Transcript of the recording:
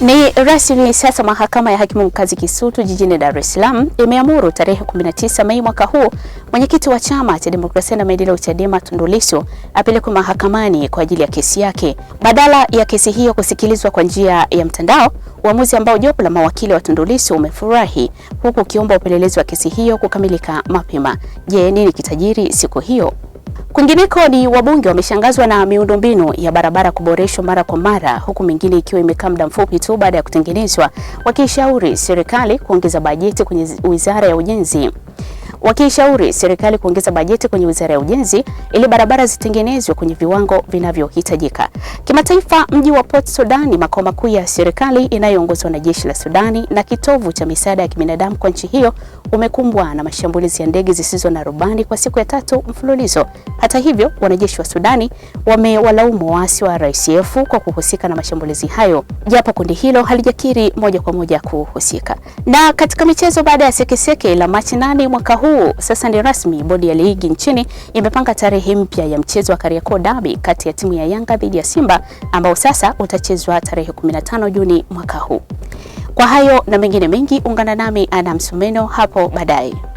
Ni rasmi sasa, mahakama ya hakimu mkazi Kisutu jijini Dar es Salaam imeamuru tarehe 19 Mei mwaka huu mwenyekiti wa chama cha demokrasia na maendeleo Chadema Tundu Lissu apelekwe mahakamani kwa ajili ya kesi yake badala ya kesi hiyo kusikilizwa kwa njia ya mtandao, uamuzi ambao jopo la mawakili wa Tundu Lissu umefurahi huku ukiomba upelelezi wa kesi hiyo kukamilika mapema. Je, nini kitajiri siku hiyo? Kwingineko ni wabunge wameshangazwa na miundombinu ya barabara kuboreshwa mara kwa mara huku mingine ikiwa imekaa muda mfupi tu baada ya kutengenezwa, wakishauri serikali kuongeza bajeti kwenye wizara ya ujenzi wakiishauri serikali kuongeza bajeti kwenye wizara ya ujenzi ili barabara zitengenezwe kwenye viwango vinavyohitajika. Kimataifa, mji wa Port Sudan ni makao makuu ya serikali inayoongozwa na jeshi la Sudani na kitovu cha misaada ya kibinadamu kwa nchi hiyo, umekumbwa na mashambulizi ya ndege zisizo na rubani kwa siku ya tatu mfululizo. Hata hivyo, wanajeshi wa Sudani wamewalaumu waasi wa RSF kwa kuhusika na mashambulizi hayo, japo kundi hilo halijakiri moja kwa moja kuhusika. Na katika michezo, baada ya sekeseke la Machi nane mwaka huu huu sasa ni rasmi, bodi ya ligi nchini imepanga tarehe mpya ya mchezo wa Kariakoo Derby kati ya timu ya Yanga dhidi ya Simba ambao sasa utachezwa tarehe 15 Juni mwaka huu. Kwa hayo na mengine mengi, ungana nami Ana Msumeno hapo baadaye.